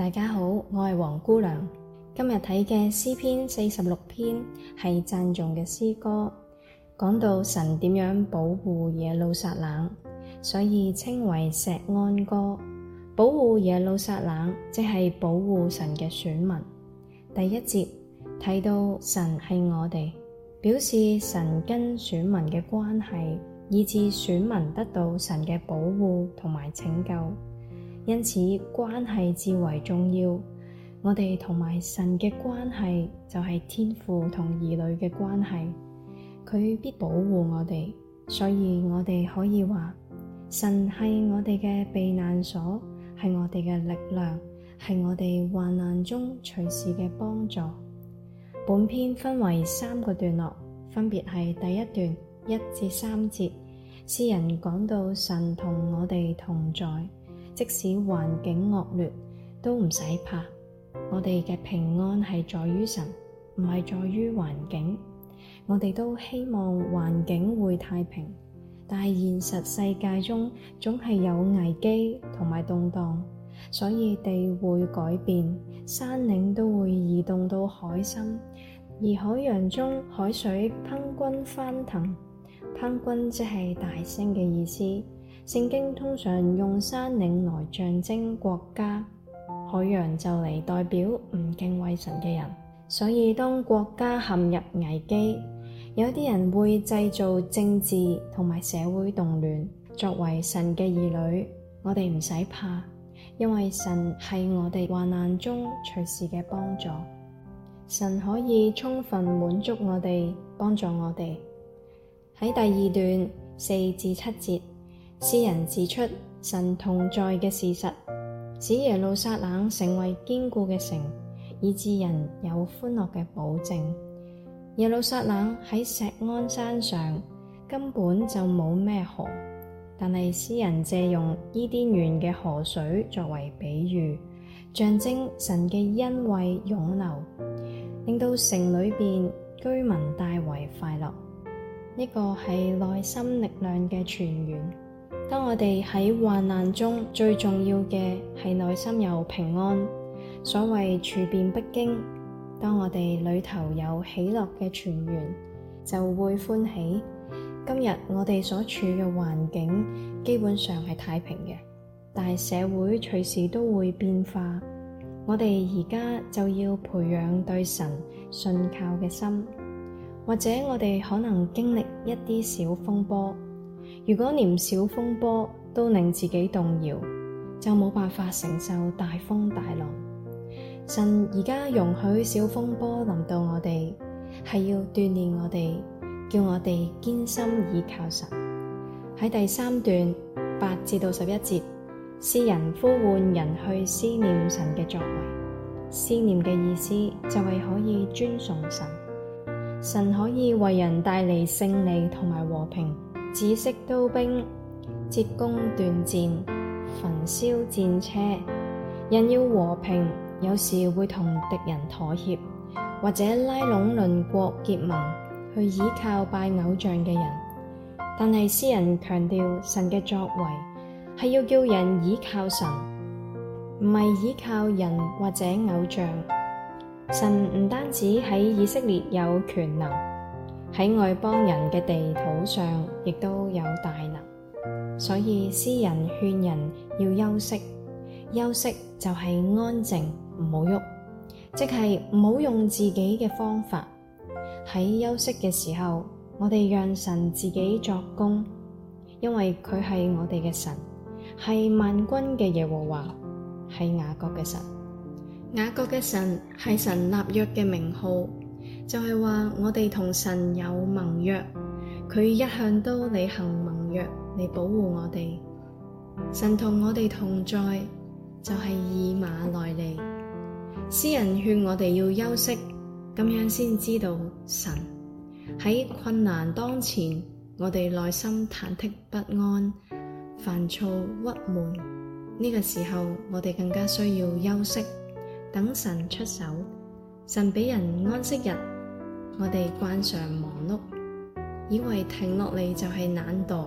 大家好，我係黃姑娘。今日睇嘅詩篇四十六篇係讚頌嘅詩歌，講到神點樣保護耶路撒冷，所以稱為錫安歌。保護耶路撒冷即係保護神嘅選民。第一節睇到神係我哋，表示神跟選民嘅關係，以致選民得到神嘅保護同埋拯救。因此，關係至為重要。我哋同埋神嘅關係就係天父同兒女嘅關係，佢必保護我哋，所以我哋可以話神係我哋嘅避難所，係我哋嘅力量，係我哋患難中隨時嘅幫助。本篇分為三個段落，分別係第一段、一至三節，詩人講到神同我哋同在。即使環境惡劣，都唔使怕。我哋嘅平安係在於神，唔係在於環境。我哋都希望環境會太平，但係現實世界中總係有危機同埋動盪，所以地會改變，山嶺都會移動到海深，而海洋中海水澎湃翻騰，澎湃即係大聲嘅意思。聖經通常用山嶺來象徵國家，海洋就嚟代表唔敬畏神嘅人。所以當國家陷入危機，有啲人會製造政治同埋社會動亂。作為神嘅兒女，我哋唔使怕，因為神係我哋患難中隨時嘅幫助。神可以充分滿足我哋，幫助我哋。喺第二段四至七節。詩人指出神同在嘅事實，使耶路撒冷成為堅固嘅城，以致人有歡樂嘅保證。耶路撒冷喺錫安山上根本就冇咩河，但係詩人借用伊甸園嘅河水作為比喻，象徵神嘅恩惠湧流，令到城裏邊居民大為快樂。呢個係內心力量嘅泉源。我哋喺患難中最重要嘅係內心有平安。所謂處變不驚，當我哋裏頭有喜樂嘅泉源，就會歡喜。今日我哋所處嘅環境基本上係太平嘅，但係社會隨時都會變化。我哋而家就要培養對神信靠嘅心，或者我哋可能經歷一啲小風波。如果連小風波都令自己動搖，就冇辦法承受大風大浪。神而家容許小風波臨到我哋，係要鍛煉我哋，叫我哋堅心倚靠神。喺第三段八至到十一節，詩人呼喚人去思念神嘅作為。思念嘅意思就係可以尊崇神，神可以為人帶嚟勝利同埋和平。止息刀兵，折弓斷箭焚燒戰車。人要和平，有時會同敵人妥協，或者拉攏鄰國結盟去倚靠拜偶像嘅人。但係詩人強調神嘅作為係要叫人倚靠神，唔係倚靠人或者偶像。神唔單止喺以色列有權能。喺外邦人嘅地土上，亦都有大能，所以詩人勸人要休息。休息就係安靜，唔好喐，即係唔好用自己嘅方法。喺休息嘅時候，我哋讓神自己作工，因為佢係我哋嘅神，係萬軍嘅耶和華，係雅各嘅神，雅各嘅神係神立約嘅名號。就係話我哋同神有盟約，佢一向都履行盟約嚟保護我哋。神同我哋同在，就係、是、以馬內利。詩人勸我哋要休息，咁樣先知道神。喺困難當前，我哋內心忐忑不安、煩躁、鬱悶。呢個時候，我哋更加需要休息，等神出手。神俾人安息日。我哋慣常忙碌，以為停落嚟就係懶惰，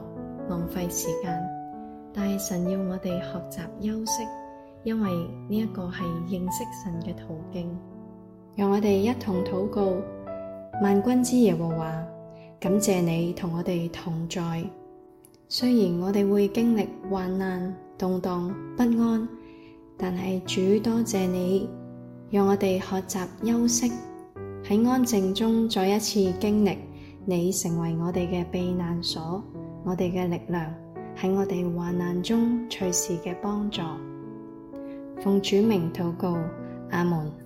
浪費時間。但係神要我哋學習休息，因為呢一個係認識神嘅途徑。讓我哋一同禱告，萬軍之耶和華，感謝你同我哋同在。雖然我哋會經歷患難、動盪、不安，但係主多謝你，讓我哋學習休息。喺安靜中再一次經歷，你成為我哋嘅避難所，我哋嘅力量，喺我哋患難中隨時嘅幫助。奉主名禱告，阿門。